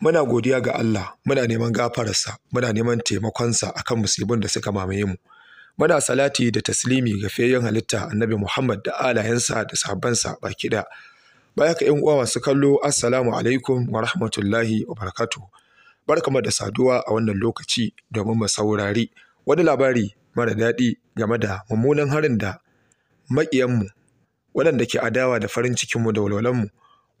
muna godiya ga Allah muna neman gafararsa muna neman taimakonsa akan musibin da suka mamaye mu muna salati da taslimi ga fiyayyen halitta annabi Muhammad da alayensa da sahabbansa baki da baya ka yan uwa masu kallo assalamu alaikum wa rahmatullahi wa barakatuh da saduwa a wannan lokaci domin mu saurari wani labari mara daɗi game da mummunan harin da mu waɗanda ke adawa da farin cikin mu da walwalan mu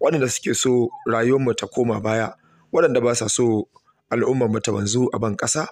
waɗanda suke so rayuwar mu ta koma baya waɗanda ba sa so al'ummar mata wanzu a ban ƙasa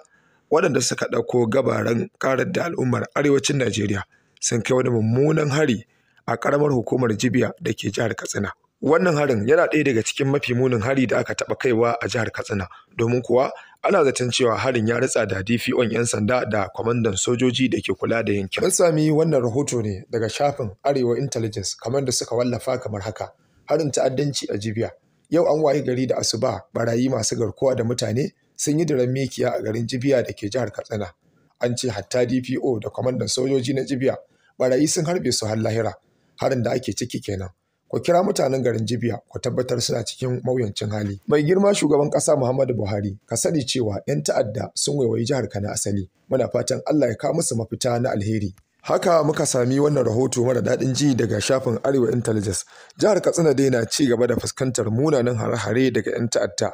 waɗanda suka ɗauko gabaran ƙarar da al'ummar arewacin Najeriya sun kai wani mummunan hari a ƙaramar hukumar Jibiya da ke jihar Katsina. Wannan harin yana ɗaya daga cikin mafi munin hari da aka taɓa kaiwa a jihar Katsina domin kuwa ana zaton cewa harin ya ritsa da dfo 'yan sanda da kwamandan sojoji da ke kula da yankin. Mun sami wannan rahoto ne daga shafin Arewa Intelligence kamar da suka wallafa kamar haka. Harin ta'addanci a Jibiya yau an wayi gari da asuba barayi masu garkuwa da mutane sun yi diran mikiya a garin jibiya da ke jihar katsina an ce hatta dpo da kwamandan sojoji na jibiya barayi sun harbe su har lahira harin da ake ciki kenan ku kira mutanen garin jibiya ku tabbatar suna cikin mawuyancin hali mai girma shugaban kasa muhammadu buhari ka sani cewa 'yan ta'adda sun waiwayi jihar kana asali muna fatan allah ya kawo musu mafita na alheri Haka muka sami wannan rahoto mara daɗin ji daga shafin Arewa Intelligence. Jihar Katsina dai na ci gaba da fuskantar munanan hare-hare daga 'yan ta'adda,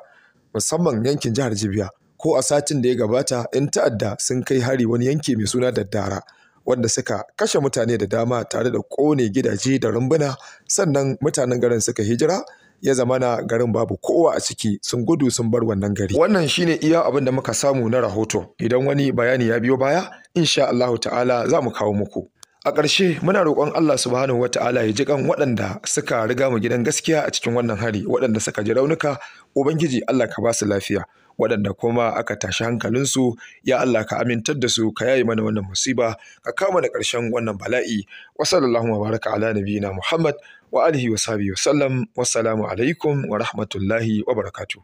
musamman yankin jihar Jibiya. Ko a satin da ya gabata, 'yan ta'adda sun kai hari wani yanki mai suna Daddara, wanda suka kashe mutane da dama tare da kone, gidaje da rumbuna, sannan mutanen garin suka hijira ya zama na garin babu kowa a ciki sun gudu sun bar wannan gari wannan shine iya abin da muka samu na rahoto idan wani bayani ya biyo baya insha Allahu ta'ala za mu kawo muku a ƙarshe muna roƙon Allah subhanahu wa ta'ala, ya ji kan waɗanda suka riga mu gidan gaskiya a cikin wannan hari waɗanda suka ji raunuka ubangiji Allah ka ba su lafiya waɗanda kuma aka tashi hankalinsu ya Allah ka amintar da su ka yayi mana wannan musiba ka kama da ƙarshen wannan bala'i wa sallallahu baraka ala nabiyina Muhammad wa alihi wa sahbihi wa sallam wassalamu alaikum wa rahmatullahi wa barakatuh